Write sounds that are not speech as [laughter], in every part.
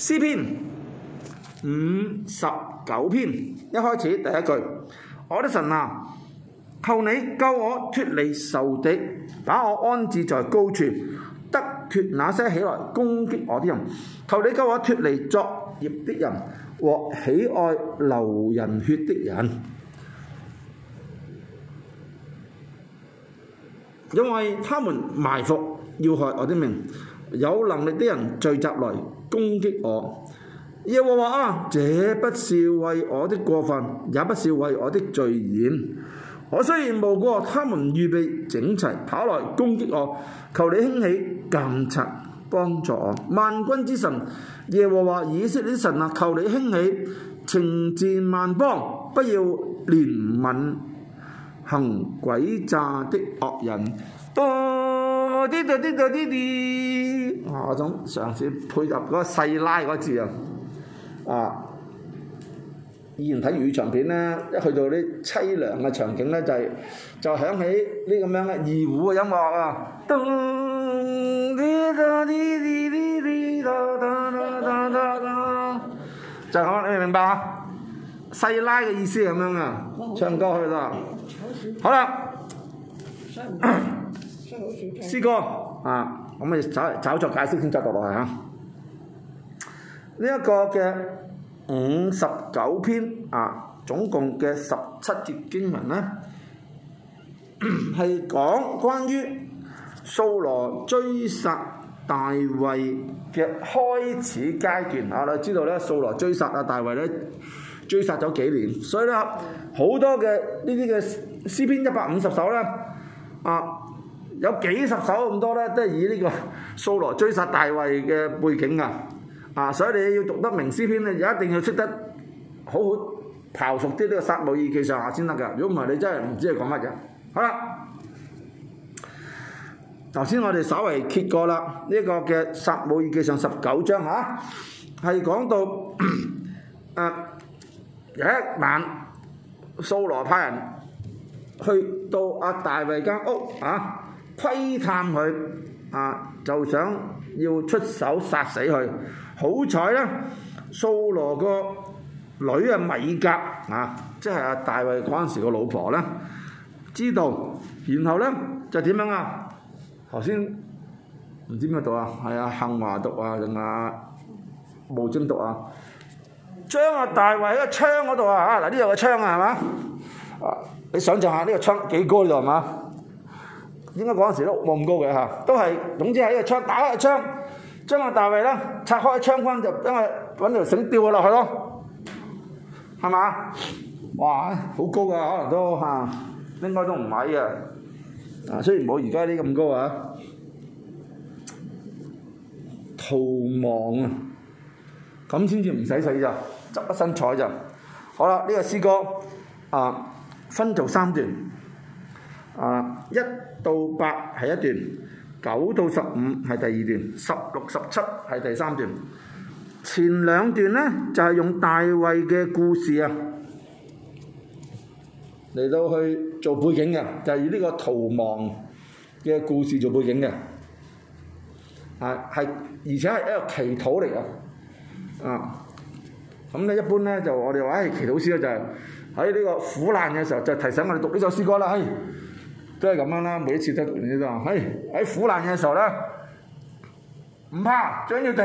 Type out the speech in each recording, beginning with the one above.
詩篇五十九篇一開始第一句：我的神啊，求你救我脫離仇敵，把我安置在高處，得脫那些起來攻擊我的人。求你救我脫離作孽的人和喜愛流人血的人，因為他們埋伏要害我的命。有能力的人聚集來，攻擊我，耶和華啊，這不是為我的過分，也不是為我的罪愆。我雖然無過，他們預備整齊跑來攻擊我。求你興起監察，幫助我。萬軍之神，耶和華以色列的神啊，求你興起，懲治萬邦，不要憐憫行詭詐的惡人。多，啲，啲，啲，啲。我想嘗試配合嗰個細拉嗰字啊！啊！以前睇粵語長片咧，一去到啲凄涼嘅場景咧，就係、是、就響起呢咁樣嘅二胡嘅音樂啊！哆哩哆哩哩哩哆哆哆哆哆， [music] 就係咁你明唔明白啊？細拉嘅意思係咁樣啊！哦、唱歌去啦，好啦像，詩歌啊！咁咪稍作解釋先再讀落去嚇。呢一個嘅五十九篇啊，總共嘅十七節經文咧，係講關於掃羅追殺大衛嘅開始階段啊。你知道咧，掃羅追殺啊大衛咧，追殺咗幾年，所以咧好多嘅呢啲嘅詩篇一百五十首咧啊。有幾十首咁多咧，都係以呢個掃羅追殺大衛嘅背景啊！啊，所以你要讀得明詩篇一定要識得好好刨熟啲呢個撒母耳記上下先得㗎。如果唔係，你真係唔知係講乜嘢。好、啊、啦，頭先我哋稍微揭過啦，呢、這、一個嘅撒母耳記上十九章嚇，係、啊、講到、啊、有一晚掃羅派人去到阿大衛間屋、啊窺探佢，啊，就想要出手殺死佢。好彩咧，掃羅個女啊，米格啊，即係阿大衛嗰陣時個老婆啦，知道。然後咧就點樣啊？頭先唔知咩毒啊？係啊，杏華毒啊，定有啊無精毒啊。將阿大衛喺個窗嗰度啊！嗱，呢度有個窗啊，係嘛？啊，你想象下呢個窗幾高度係嘛？應該嗰陣時都冇咁高嘅嚇，都係總之喺個窗打開個窗，將個大衞拆開窗框就因為揾條繩吊佢落去咯，係嘛？哇，好高㗎，可能都嚇、啊，應該都唔矮嘅，啊，雖然冇而家啲咁高啊，逃亡啊，咁先至唔使死咋，執一身彩就好啦。呢個詩歌啊，分做三段啊，一。到八係一段，九到十五係第二段，十六十七係第三段。前兩段呢，就係用大衛嘅故事啊，嚟到去做背景嘅，就係以呢個逃亡嘅故事做背景嘅，啊係而且係一個祈禱嚟嘅，啊咁咧一般咧就我哋話，唉祈禱詩咧就係喺呢個苦難嘅時候就提醒我哋讀呢首詩歌啦，唉。都係咁樣啦，每一次都你都話，喺苦難嘅時候咧，唔怕，將要定，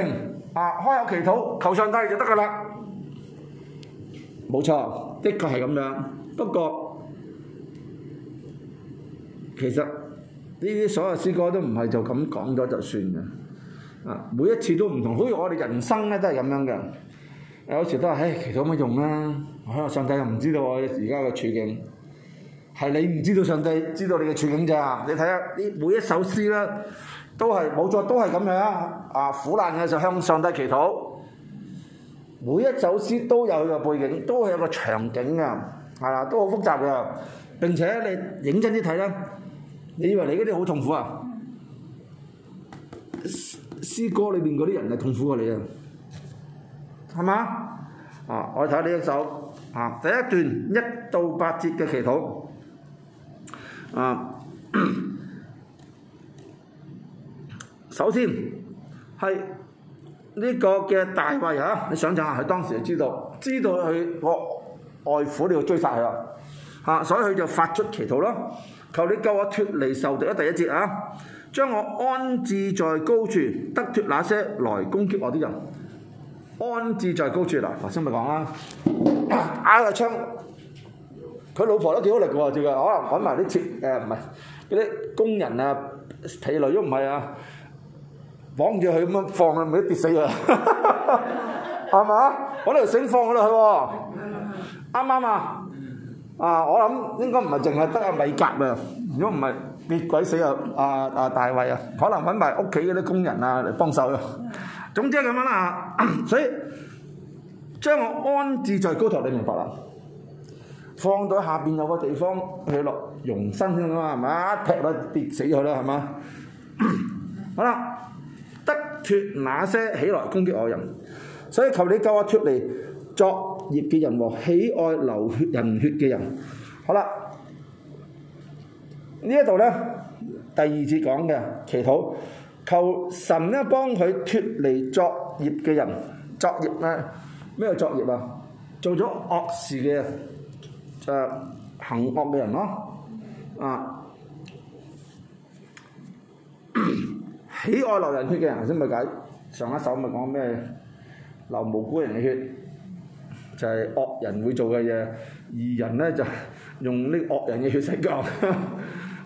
啊，開口祈禱，求上帝就得噶啦。冇錯，的確係咁樣。不過其實呢啲所有詩歌都唔係就咁講咗就算嘅。啊，每一次都唔同，好似我哋人生都係咁樣嘅。有時候都話，唉，祈禱有乜用啦？可能上帝又唔知道我而家嘅處境。係你唔知道上帝知道你嘅處境咋？你睇下每一首詩啦，都係冇錯，都係咁樣的，啊，苦難嘅時候向上帝祈禱，每一首詩都有佢嘅背景，都係一個場景嘅，係啦，都好複雜嘅。並且你認真啲睇啦，你以為你嗰啲好痛苦啊？詩歌裏面嗰啲人係痛苦過你啊，係嘛？啊，我睇呢一首，啊，第一段一到八節嘅祈禱。啊，首先係呢個嘅大衞啊，你想象下，佢當時就知道，知道佢、哦、外外父要追殺佢啦、啊，嚇、啊，所以佢就發出祈禱咯，求你救我脱離受敵嘅第一節啊，將我安置在高處，得脱那些來攻擊我啲人，安置在高處嗱，頭先咪講啊，啊個槍。佢老婆都幾好力喎，最近可能揾埋啲工人啊、疲累，如果唔係啊，往住佢咁樣放咪跌死啊，係嘛？我呢度升放咗佢喎，啱啱啊，啊我諗應該唔係淨係得阿米格啊，如果唔係跌鬼死啊大衛啊，可能揾埋屋企嗰啲工人啊嚟幫手咯。總之咁樣啦，所以將我安置在高頭，你明白啦？放到下面有個地方去落容身先噶嘛，係一踢落跌死佢啦，係嘛？ [coughs] 好啦，得脫那些起來攻擊我人，所以求你救我脫離作孽嘅人和喜愛流血人血嘅人。好啦，呢一度呢，第二節講嘅祈禱，求神咧幫佢脫離作孽嘅人，作孽呢，咩作孽啊？做咗惡事嘅。就行惡嘅人咯，啊，喜愛流人血嘅人，先咪解上一首咪講咩流無辜人嘅血，就係、是、惡人會做嘅嘢。義人呢，就用啲惡人嘅血洗腳。嚇，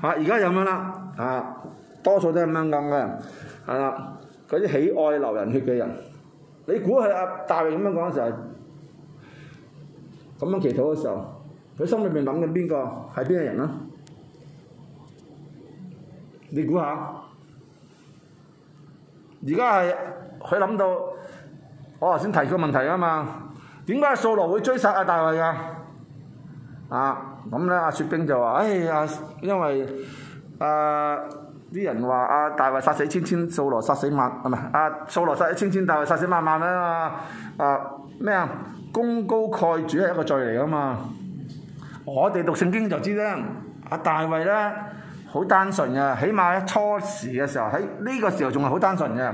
而、啊、家就咁啦，嚇、啊，多數都係咁樣講嘅，係、啊、啦。嗰啲喜愛流人血嘅人，你估係阿大衛咁樣講嘅時候，咁樣祈禱嘅時候？佢心裏面諗緊邊個係邊個人啦？你估下？而家係佢諗到我頭先提個問題啊嘛？點解掃羅會追殺阿大衞㗎？啊咁咧，阿雪冰就話，唉，因為啊，啲人話阿大衞殺死千千，掃羅殺死萬，唔係，阿掃羅殺死千千，大衞殺死萬萬啊嘛！啊咩啊？功高蓋主係一個罪嚟㗎嘛！我哋讀聖經就知啦，阿大衛咧好單純嘅，起碼初時嘅時候喺呢個時候仲係好單純嘅，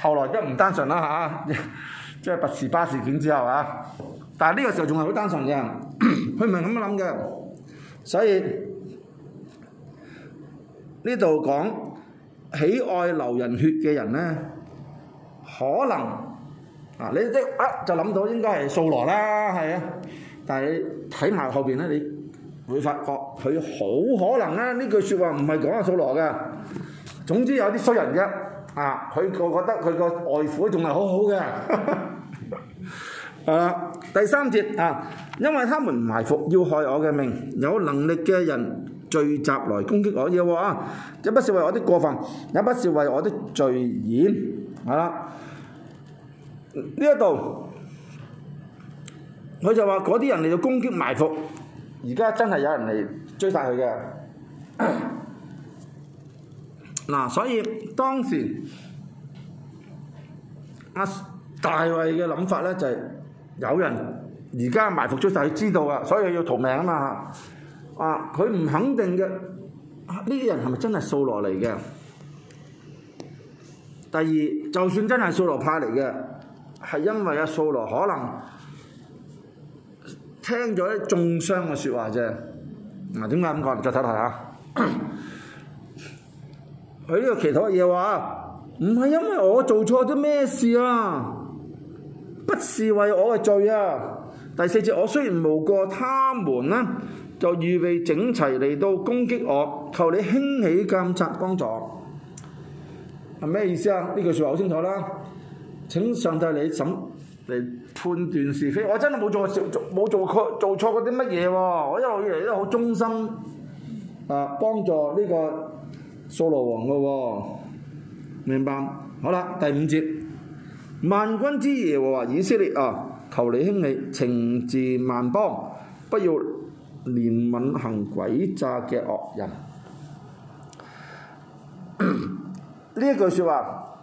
後來都唔單純啦吓，即係拔士巴事件之後啊，但係呢個時候仲係好單純嘅，佢唔係咁樣諗嘅，所以呢度講喜愛流人血嘅人咧，可能啊你即刻就諗，啊，到應該係掃羅啦，係啊，但係。睇埋後邊咧，你會發覺佢好可能咧、啊，呢句説話唔係講阿掃羅嘅。總之有啲衰人嘅，啊！佢我覺得佢個外父仲係好好嘅。係、 [laughs] 啊、第三節啊，因為他們埋伏要害我嘅命，有能力嘅人聚集來攻擊我，要啊！一不是為我啲過犯，也不是為我的罪愆，係、啊、啦，呢一度。佢就話嗰啲人嚟到攻擊埋伏，而家真係有人嚟追殺佢嘅。嗱，所以當時阿大衛嘅諗法呢就係有人而家埋伏追殺佢，知道啊，所以，、啊就是、他所以他要逃命啊嘛。啊，佢唔肯定嘅，啊呢啲人係咪真係掃羅嚟嘅？第二，就算真係掃羅派嚟嘅，係因為阿、啊、掃羅可能。聽咗啲中傷嘅説話啫，嗱，點解咁講？再睇睇下，佢呢 [coughs] 個其他嘢話唔係因為我做錯咗咩事啊，不是為我嘅罪啊。第四節我雖然無過，他們呢就預備整齊嚟到攻擊我，求你興起監察幫助，係、啊、咩意思啊？呢句説話好清楚啦、啊。請上帝你審嚟判斷是非，我真係冇做錯，做錯，做錯嗰啲乜嘢喎？我一路以嚟都好忠心，啊，幫助呢個掃羅王噶喎，明白？好啦，第五節，萬軍之耶和華以色列啊，求你興起，懲治萬邦，不要憐憫行詭詐嘅惡人。呢句説話，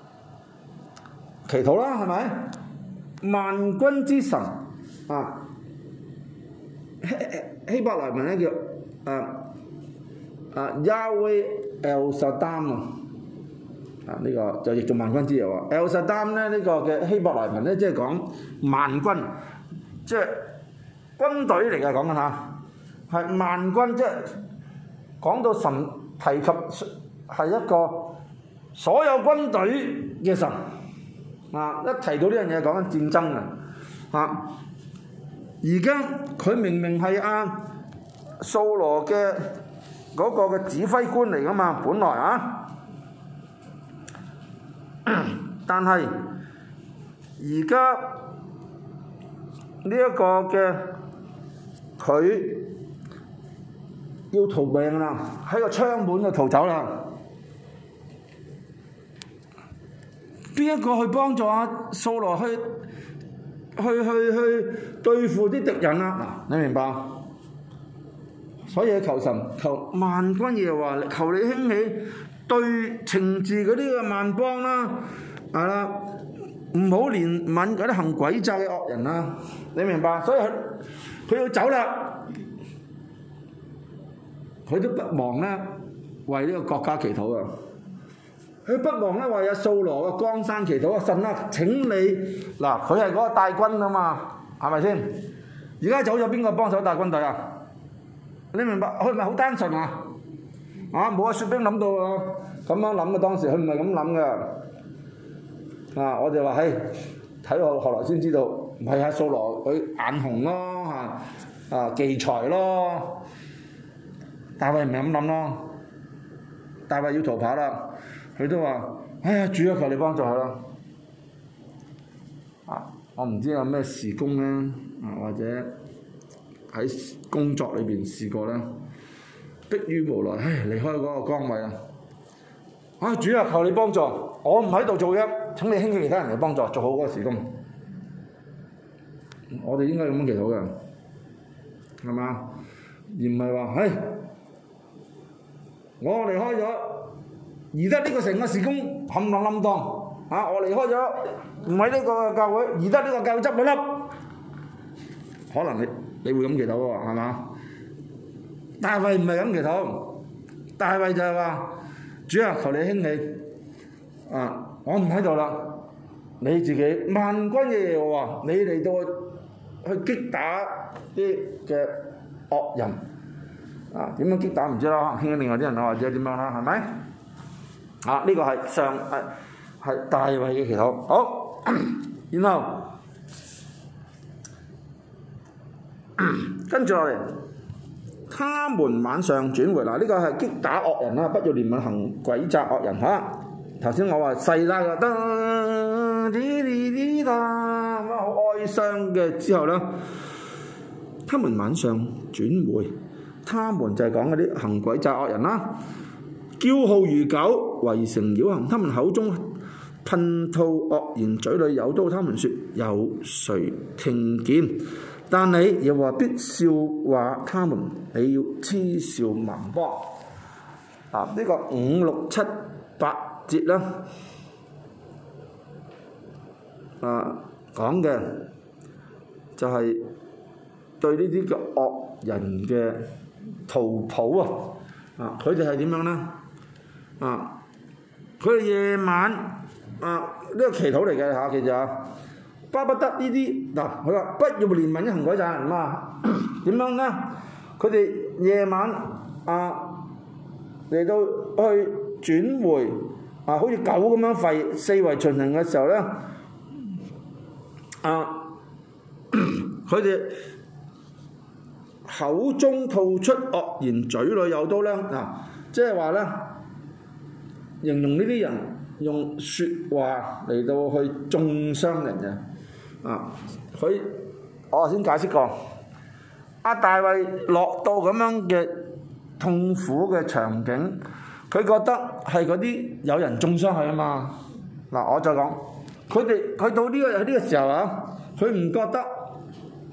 祈禱啦，係咪？萬軍之神啊，希希伯來文咧叫啊啊 Yahweh El Shaddam 啊，呢、啊這個就叫做萬軍之神喎。El Shaddam 咧呢、這個嘅希伯來文咧，即係講萬軍，即係軍隊嚟嘅講下，嚇，係萬軍，即係講到神提及係一個所有軍隊嘅神。明明啊！一提到呢樣嘢，講緊戰爭啊！啊！而家佢明明係阿掃羅嘅嗰個嘅指揮官嚟㗎嘛，本來啊，但係而家呢一個嘅佢要逃命啦，喺個窗門度逃走啦。邊一個去幫助阿掃羅去去去去，去對付啲敵人啦、啊！嗱，你明白？所以求神求萬軍耶和華，求你興起對懲治嗰啲嘅萬邦啦、啊，係啦、啊，唔好憐憫嗰啲行鬼詐嘅惡人啦、啊！你明白？所以佢佢要走啦，佢都不忘咧為呢個國家祈禱啊！佢不忘咧為阿掃羅江山祈禱啊，神啊，請你嗱，佢係嗰個帶軍啊嘛，係咪先？而家走咗邊個幫手帶軍隊啊？你明白？佢係咪好單純啊？啊，冇阿雪兵諗到咯、啊，咁樣諗嘅當時佢唔係咁諗嘅。啊，我就話嘿，睇我後來先知道，唔係阿掃羅佢眼紅咯，啊啊忌才咯，大衛唔係咁諗咯，大衛要逃跑啦。佢都話：哎主要求你幫助佢咯、啊。我唔知道有咩事工咧、啊，或者喺工作裏面試過咧，迫於無奈，唉、哎，離開嗰個崗位啊！啊，主要求你幫助！我唔喺度做嘅，請你興起其他人嚟幫助，做好嗰個事工。我哋應該咁樣祈禱嘅，係嘛？而唔係話，唉、哎，我離開咗。而家呢個成個事工冚唪唥當，嚇、啊、我離開咗，唔喺呢個教會，而家呢個教會執咗笠，可能你你會咁祈禱喎，係嘛？大衞唔係咁祈禱，大衞就係話：主啊，求你興起，啊我唔喺度啦，你自己萬軍嘅我話你嚟到去擊打啲嘅惡人，啊點樣擊打唔知啦，興、啊、起另外啲人或者點樣啦，係、啊、咪？啊啊！呢、這個係上係係、啊、大衛嘅祈禱，好。然後跟住落嚟，他們晚上轉回。嗱，呢個係擊打惡人啦，不要憐憫行詭詐惡人嚇。頭、啊、先我話細粒嘅，咁好哀傷嘅。之後咧，他們晚上轉回，他們就係講嗰啲行詭詐惡人啦。叫號如狗，圍城繞行。他們口中噴吐惡言，嘴裏有刀。他們說：有誰聽見？但你又話必笑話他們，你要嗤笑萬邦。啊！呢、這個五六七八節啦，啊講嘅就係對呢啲叫惡人嘅圖譜啊！啊，佢哋係點樣呢？啊！佢哋夜晚啊，呢個祈禱嚟嘅嚇，其實啊，巴不得、啊不啊、呢啲嗱，佢話不要憐憫一羣鬼仔，咁啊點樣咧？佢哋夜晚啊嚟到去轉回啊，好似狗咁樣吠，四圍巡行嘅時候咧啊，佢哋口中吐出惡言嘴裡，嘴裏有刀咧嗱，即係話咧。形容呢啲人用説話嚟到去中傷人嘅，啊！佢我頭先解釋過，阿、啊、大衞落到咁樣嘅痛苦嘅場景，佢覺得係嗰啲有人中傷佢啊嘛。嗱、啊，我再講，佢哋佢到呢、呢個呢、呢個時候啊，佢唔覺得，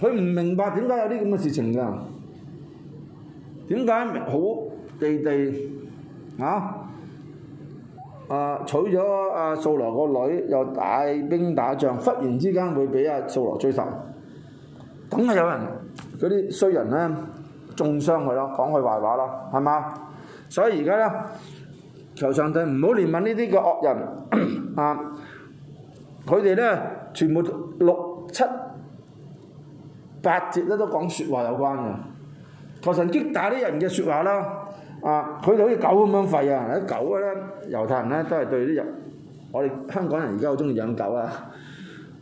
佢唔明白點解有啲咁嘅事情㗎、啊？點解好地地啊？啊！娶咗阿、啊、掃羅個女，又帶兵打仗，忽然之間會俾阿、啊、掃羅追殺，梗係有人嗰啲衰人咧，中傷佢咯，講佢壞話咯，係嘛？所以而家咧，求上帝唔好憐憫呢啲嘅惡人 [coughs] 啊！佢哋咧全部六七八節咧都講説話有關嘅，求神擊打啲人嘅説話啦。啊！佢哋好似狗咁樣吠啊！啲狗咧，猶太人咧都係對啲人，我哋香港人而家好中意養狗啊！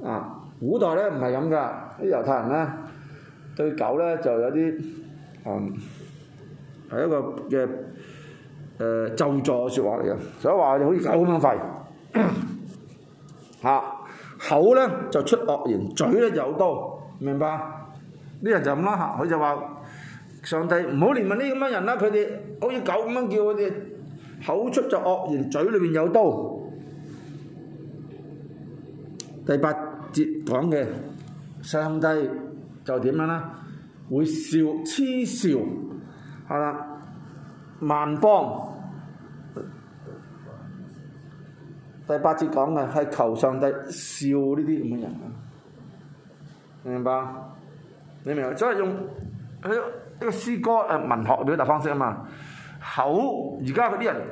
啊，古代咧唔係咁噶，啲猶太人咧對狗咧就有啲嗯係一個嘅誒、呃、咒詛嘅説話嚟嘅，所以話佢哋好似狗咁樣吠。嚇、啊、口咧就出惡言，嘴咧有刀，明白？啲人就咁啦嚇，佢就話上帝唔好憐憫啲咁樣人啦，佢哋。好似狗噉樣叫嗰啲，口出就惡言，嘴裏面有刀。第八節講嘅上帝就點樣咧？會笑痴笑係啦，萬邦。第八節講嘅係求上帝笑呢啲咁嘅人，明白？你明唔明？即係用佢一個詩歌誒文學表達方式啊嘛～口而家嗰啲人，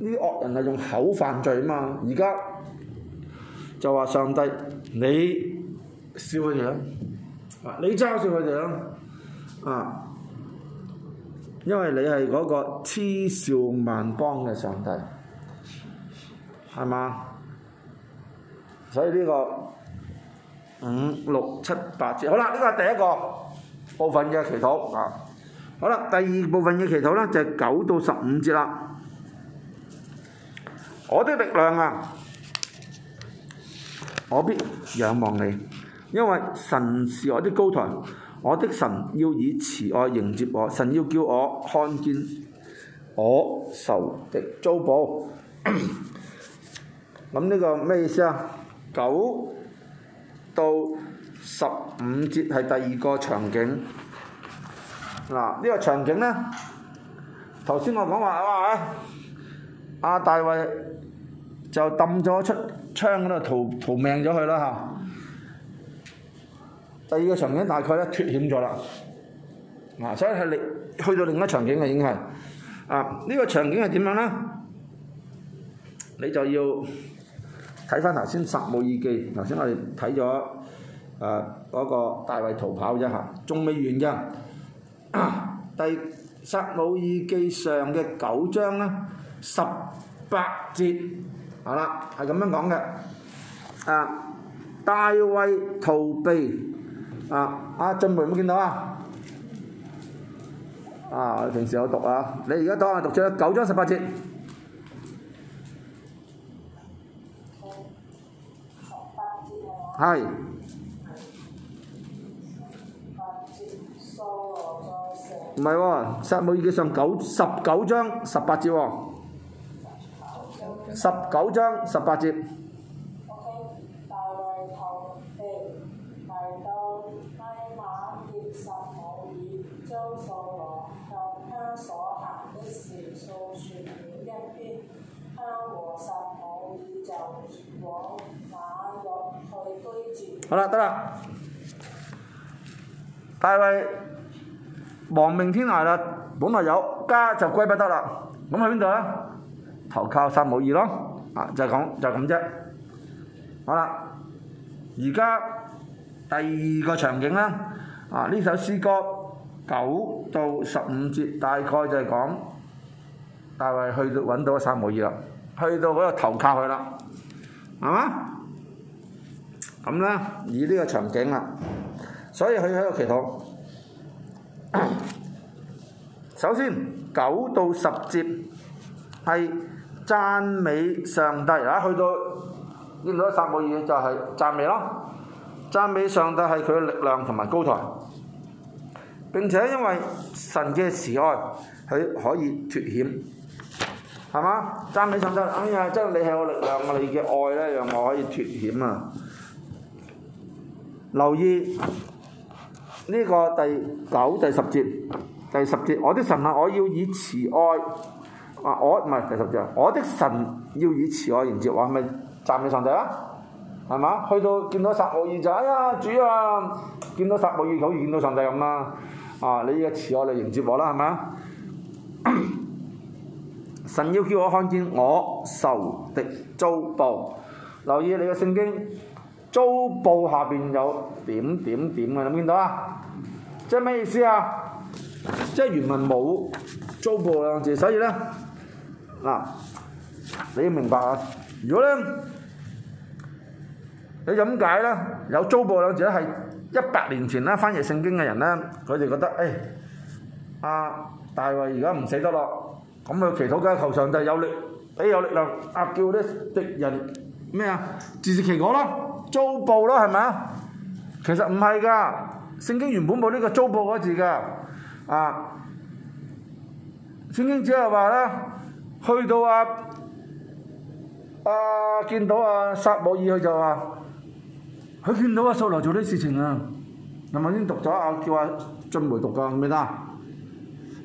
啲惡人係用口犯罪啊嘛！而家就話上帝，你笑佢哋啦，你嘲笑佢哋啦，啊，因為你係嗰個嗤笑萬邦嘅上帝，係嘛？所以呢、這個五六七八字，好啦，呢個係第一個部分嘅祈禱。啊。好啦，第二部分嘅祈禱咧，就係九到十五節啦。我的力量啊，我必仰望你，因為神是我的高台，我的神要以慈愛迎接我，神要叫我看見我仇敵遭報。咁呢 [coughs] 個咩意思啊？九到十五節係第二個場景。嗱，呢個場景咧，頭先我講話哇，阿大衞就揼咗出窗咁啊，逃、啊、逃命咗去啦嚇、啊。第二個場景大概咧脱險咗啦。嗱、啊，所以係另去到另一場景嘅已經係。啊，呢、這個場景係點樣咧？你就要睇翻頭先《撒母耳記》頭先我哋睇咗誒嗰個大衞逃跑一下，仲、啊、未完㗎。第撒母耳記上嘅九章啦，十八節，係啦，係咁樣講嘅。啊，大衛逃避，啊啊進門有冇見到啊？啊，我平時有讀啊，你而家當係讀咗九章十八節。係、嗯。嗯嗯唔係喎，撒母耳記嘅上九十九章十八節喎，十九章十八節，哦。八 okay，好啦，得啦，大衛。亡命天涯啦，本嚟有家就歸不得啦，咁去邊度咧？投靠撒母耳咯，啊就係、是、講就係咁啫。好啦，而家第二個場景啦，啊呢首詩歌九到十五節大概就係講，大衛去到揾到撒母耳啦，去到嗰度投靠佢啦，係嘛？咁啦，以呢個場景啦，所以佢喺度祈禱。首先九到十節係讚美上帝，嗱去到見到三個嘢就係讚美咯。讚美上帝係佢嘅力量同埋高台。並且因為神嘅慈愛，佢可以脫險，係嘛？讚美上帝，哎呀，即係你係我力量，我哋嘅愛咧，讓我可以脫險啊！留意。呢個第九、第十節，第十節，我的神啊，我要以慈愛啊，我唔係第十節啊，我的神要以慈愛迎接我，係咪站喺上帝啊？係嘛？去到見到撒母耳就哎呀，主啊！見到撒母耳就好似，見到上帝咁、啊、啦。啊，你嘅慈愛嚟迎接我啦，係嘛？神要叫我看見我受的遭報，留意你嘅聖經。租報，下邊有點點點嘅，有冇見到啊？即係咩意思啊？即係原文冇遭報兩字，所以咧嗱，你要明白啊！如果咧，你咁解咧，有遭報兩字咧，係一百年前咧，翻譯聖經嘅人咧，佢哋覺得，誒，阿大衛而家唔死得咯，咁佢祈禱嘅頭上就有力，哎有力量，啊叫啲敵人咩啊自食其果咯～租布咯，係咪啊？其實唔係噶，聖經原本冇呢個租布嗰字噶。啊，聖經只係話咧，去到啊啊見到啊撒母耳，佢就話，佢見到啊掃羅做啲事情啊。嗱，我先讀咗啊，叫啊俊梅讀噶，唔記得。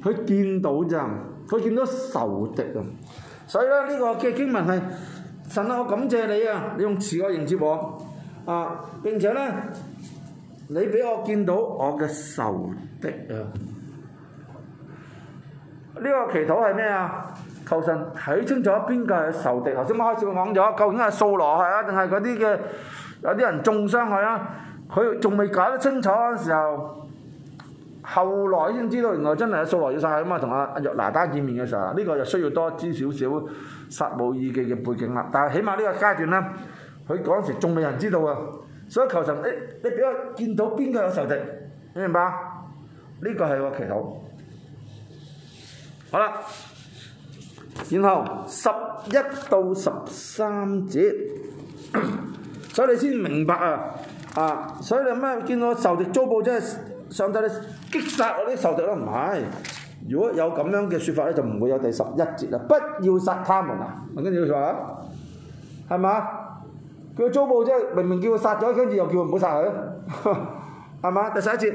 佢見到咋？佢見到仇敵啊。所以咧，呢、這個嘅經文係神啊，我感謝你啊，你用慈愛迎接我。啊！並且咧，你俾我見到我嘅仇敵啊！呢個祈禱係咩啊？求神睇清楚邊個係仇敵。頭先啱開始講咗，究竟係掃羅係啊，定係嗰啲嘅有啲人中傷佢啊？佢仲未搞得清楚嘅時候，後來先知道原來真係有掃羅要殺佢啊嘛！同阿阿約拿單見面嘅時候，呢個就需要多知少少撒母耳記嘅背景啦。但係起碼呢個階段咧。佢嗰時仲未人知道啊，所以求神，誒你畀我見到邊個有仇敵，你明白？呢、這個係我祈禱。好啦，然後十一到十三節，所以你先明白啊，啊，所以你咩見到仇敵遭報，即係上帝你擊殺我啲仇敵都唔係。如果有咁樣嘅説法咧，就唔會有第十一節啦。不要殺他們啊，我跟住佢話，係嘛？佢遭報啫，明明叫佢殺咗，跟住又叫佢唔好殺佢，係嘛？第十一節，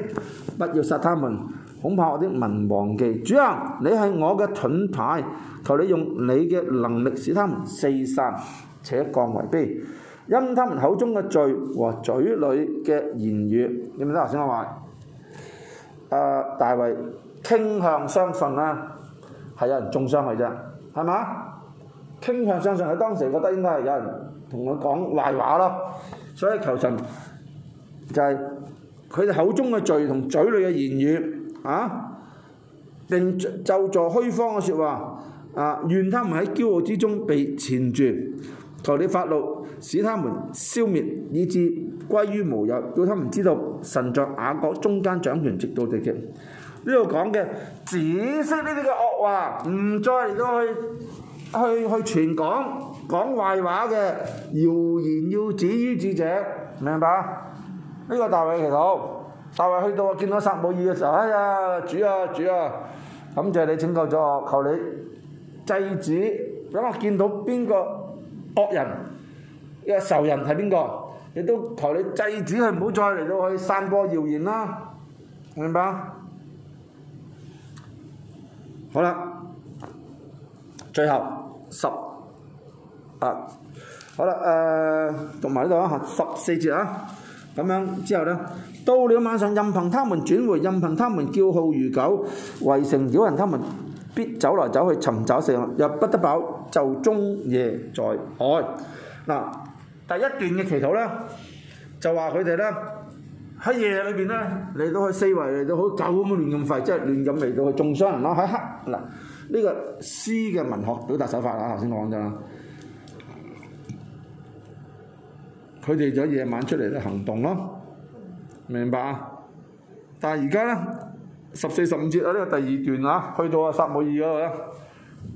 不要殺他們，恐怕我啲民忘記。主啊，你係我嘅盾牌，求你用你嘅能力使他們四散，且降為卑，因他們口中嘅罪和嘴裏嘅言語。你唔知頭先我話？啊，大衛傾向相信啦，係有人中傷佢啫，係嘛？傾向相信佢當時覺得應該係有人。同我講壞話咯，所以求神就係佢哋口中嘅罪同嘴裏嘅言語啊，定就助虛謊嘅説話啊，願他們喺驕傲之中被纏住，求你發怒，使他們消滅，以致歸於無有，叫他們知道神在雅各中間掌權，直到地極。呢度講嘅，止息呢啲嘅惡話，唔再嚟到去去去傳講。講壞話嘅謠言要止於智者，明白嗎？呢、這個大衛祈禱，大衛去到啊，見到撒母耳嘅時候，哎呀，主啊，主啊，感謝你拯救咗我，求你制止，等我見到邊個惡人嘅仇人係邊個，你都求你制止，佢唔好再嚟到去散播謠言啦，明白嗎？好啦，最後十。啊，好啦，誒讀埋呢度啊，十四節啊，咁樣之後咧，到了晚上，任憑他們轉回，任憑他們叫號如狗，圍城擾人，他們必走來走去，尋找食物，又不得飽，就終夜在外。嗱，第一段嘅祈禱咧，就話佢哋咧喺夜裏邊咧嚟到去四圍，嚟到好狗咁樣亂咁吠，即係亂咁嚟到去中傷人咯，喺黑。嗱，呢個詩嘅文學表達手法啦，頭先講咗。佢哋就夜晚出嚟咧行動咯，明白啊？但係而家咧十四十五節啊，呢個第二段啊，去到啊沙漠二嗰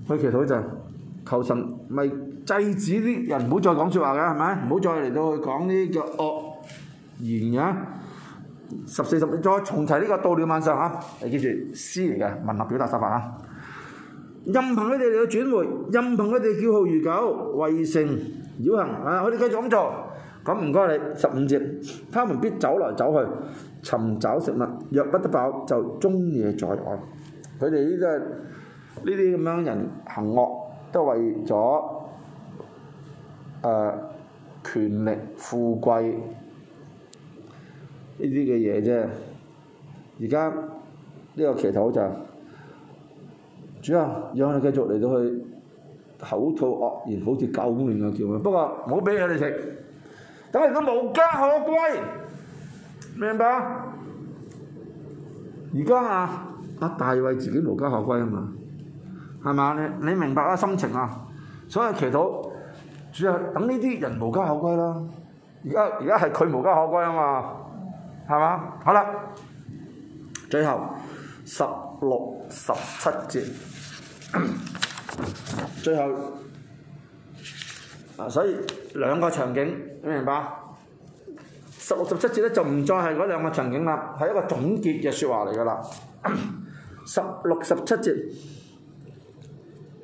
個，去祈禱嗰陣，求神咪制止啲人唔好再講説話嘅係咪？唔好再嚟到去講呢個惡言嘅。十四十五再重提呢個到了晚上嚇，係記住詩嚟嘅文學表達手法嚇。任憑佢哋嚟到轉回，任憑佢哋叫號如狗，圍城繞行啊！我哋繼續咁做。咁唔該你十五節，他們必走來走去，尋找食物，若不得飽，就終夜在外。佢哋呢啲咁樣人行惡，都係為咗誒、呃、權力、富貴呢啲嘅嘢啫。而家呢、這個祈禱就是、主要啊，讓佢繼續嚟到去口吐惡言，好似狗咁樣叫咩？不過唔好俾佢哋食。等人都無家可歸，明白嗎？而家啊，大衛自己無家可歸啊嘛，係嘛？你明白啊心情啊？所以祈禱主要等呢啲人無家可歸啦。而家而家係佢無家可歸啊嘛，係嘛？好啦，最後十六、十七節，最後。啊，所以兩個場景，你明白？十六十七節呢，就唔再係嗰兩個場景啦，係一個總結嘅説話嚟噶啦。十六十七節，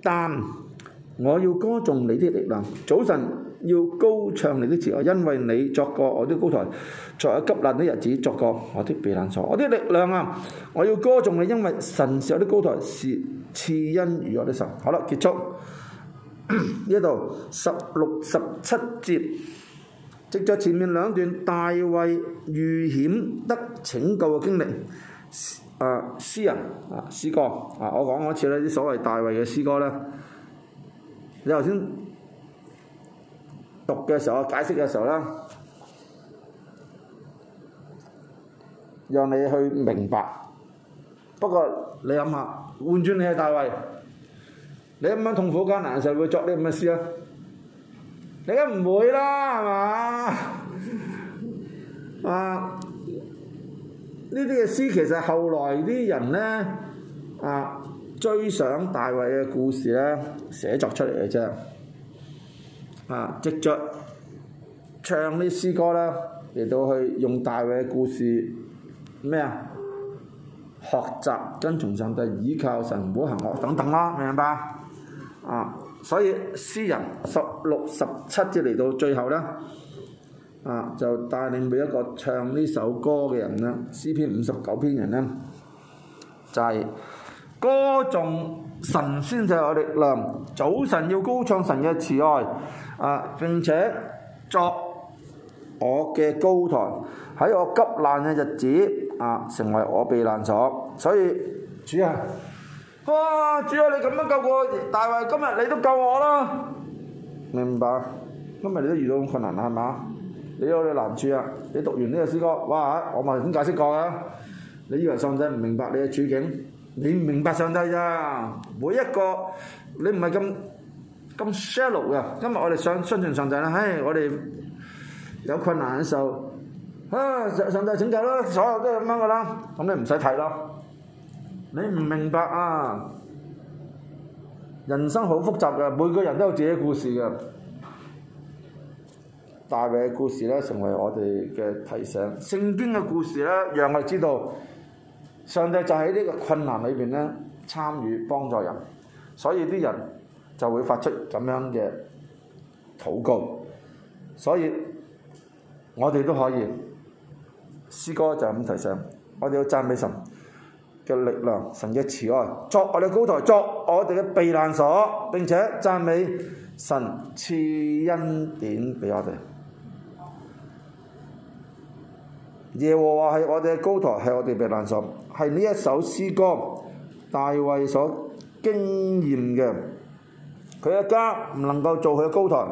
但我要歌頌你的力量，早晨要高唱你的詞，因為你作過我啲高台，在急難的日子作過我啲避難所，我啲力量啊！我要歌頌你，因為神是我啲高台，是賜恩與我啲神。好啦，結束。呢度十六十七節，即係前面兩段大衛遇險得拯救嘅經歷。啊詩、呃、詩人啊詩歌啊，我講嗰次呢啲所謂大衛嘅詩歌呢，你頭先讀嘅時候，解釋嘅時候呢，讓你去明白。不過你諗下，換轉你係大衛。你咁樣痛苦艱難嘅時候會作啲咁嘅詩啊？你梗唔會啦，係嘛？啊，呢啲嘅詩其實後來啲人咧啊，追上大衛嘅故事咧，寫作出嚟嘅啫。啊，藉著唱啲詩歌啦，嚟到去用大衛嘅故事咩啊？學習跟從上帝、倚靠神、唔好行惡等等咯，明白？啊，所以詩人十六十七節嚟到最後啦，啊就帶領每一個唱呢首歌嘅人啦，詩篇五十九篇人啦，就係、是、歌頌神仙就有力量，早晨要高唱神嘅慈愛，啊並且作我嘅高台，喺我急難嘅日子啊，成為我避難所，所以主啊。哇！主啊，你咁樣救過大衞今日你都救我啦！明白，今日你都遇到咁困難啦，係嘛？你有你難處啊！你讀完呢個詩歌，哇！我咪咁解釋過啦。你以為上帝唔明白你嘅處境，你唔明白上帝咋？每一個你唔係咁咁 shallow 嘅。今日我哋上宣傳上帝啦，唉，我哋有困難受，啊上上帝拯救咯，所有都係咁樣噶啦，咁你唔使睇咯。你唔明白啊！人生好複雜嘅，每個人都有自己嘅故事嘅。大衞嘅故事咧，成為我哋嘅提醒；聖經嘅故事咧，讓我哋知道上帝就喺呢個困難裏邊咧，參與幫助人。所以啲人就會發出咁樣嘅禱告。所以我哋都可以，詩歌就係咁提醒。我哋要讚美神嘅力量，神嘅慈愛，作我哋高台，作我哋嘅避難所。並且讚美神賜恩典俾我哋。好耶和華係我哋嘅高台，係我哋避難所。係呢一首詩歌，大衛所經驗嘅。佢嘅家唔能夠做佢嘅高台，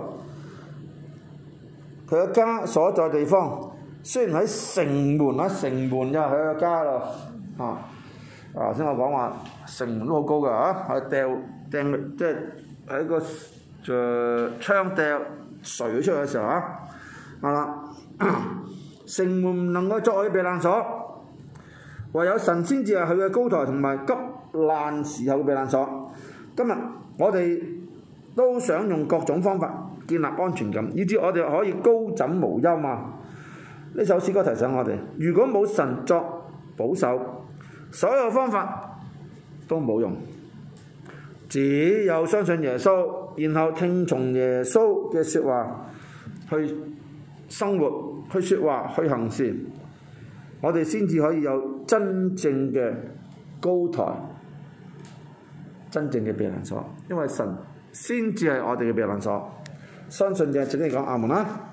佢嘅家所在地方，雖然喺城門，喺城門就係佢嘅家咯，啊！頭先我講話城門都好高嘅嚇，喺掟即係喺個窗槍掟垂咗出去嘅時候嚇，係啦，城門唔能夠作為避難所，唯有神先至係佢嘅高台同埋急難時候嘅避難所。今日我哋都想用各種方法建立安全感，以至我哋可以高枕無憂嘛。呢首詩歌提醒我哋，如果冇神作保守。所有方法都冇用，只有相信耶穌，然後聽從耶穌嘅説話去生活、去説話、去行善，我哋先至可以有真正嘅高台、真正嘅避難所，因為神先至係我哋嘅避難所。相信嘅，總之嚟講，阿門啦。